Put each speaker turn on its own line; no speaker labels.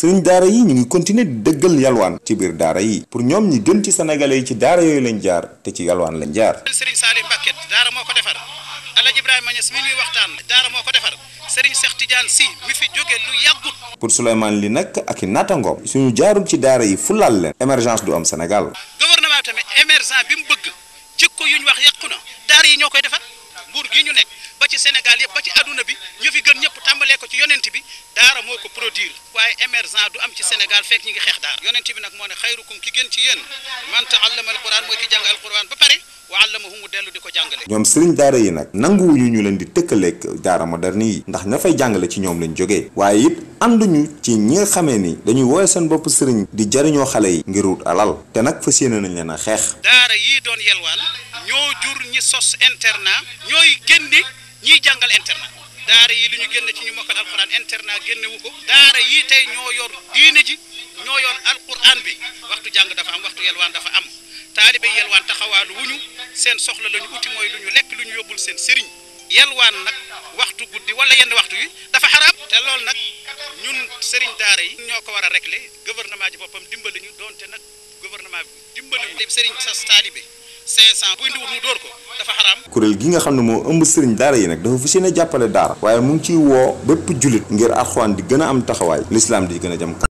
sëriñ daara yi ñu ngi continuer di dëggal yalwaan ci biir daara yi pour ñoom ñi gën ci sénégalais yi ci daara yooyu lañ jaar te ci yalwaan lañ jaar
sëriñ Salim Mbacké daara moo ko defar Alaaji Ibrahima Niass mi
ñuy waxtaan moo ko defar sëriñ Cheikh Tidiane Sy mi fi jóge lu yàggut pour Souleymane li nag ak i naatangoom suñu jaarul ci daara yi fu fulaal leen émergence du am Sénégal gouvernement
tamit émergent bi mu bëgg jikko yu ñu wax yàqu daara yi ñoo koy defar nguur gi ñu nekk ba ci senegal yëpp ba ci adduna bi ñu fi gën ñëpp tàmbalee ci yonent bi dara moo ko produire waaye émergent du am ci Sénégal fekk ñi ngi xeex dara yonent bi nag moo ne xayrukum ki gën ci yéen
man taallama alquran mooy ki jàng alquran ba pare wa allamahu mu dellu di ko jàngale ñoom sëriñ daara yi nag nanguwuñu ñu leen di tëkkaleek daara moderne yi ndax ña fay jàngale ci ñoom lañ jógee waaye it ànduñu ci ñi nga xamee ni dañuy wooye seen bopp sëriñ di jariñoo xale yi ngir wut alal te nag fas yéene nañ leen a xeex
daara yii génn ci ñu mokkal alquran internat génnewu ko daara yii tey ñoo yor diine ji ñoo yor alquran bi waxtu jàng dafa am waxtu yelwaan dafa am taalibe yelwaan taxawaalu wuñu seen soxla la ñu mooy lu ñu lekk lu ñu yóbbul seen sëriñ yelwaan nag waxtu guddi wala yenn waxtu yi dafa xaraam te loolu nag ñun sëriñ daara yi ñoo ko war a régler gouvernement ji boppam dimbali ñu donte nag gouvernement bi dimbali ñu sëriñ sas taalibe
500 kuréel gi nga xam ne moo ëmb sëriñ daara yi nag dafa fas yéene jàppale daara waaye mu ngi ciy woo bépp jullit ngir alxuraan di gën a am taxawaay lislaam di gën a jëm